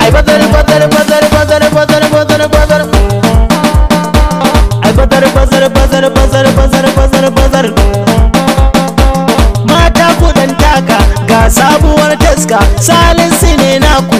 Ay, botare, botare, botare, botare, botare, botare, botare. Ay, botare, botare, botare, botare, botare, botare, botare. Mata kudan taka ga sabuwar taska, salin ne naku.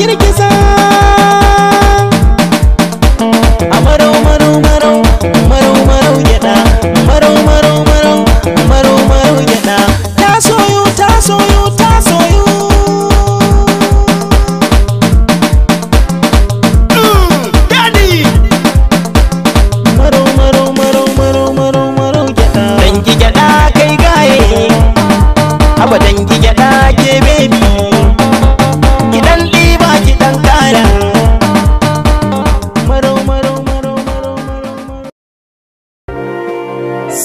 girgiza a marau marau marau marau marau ta ta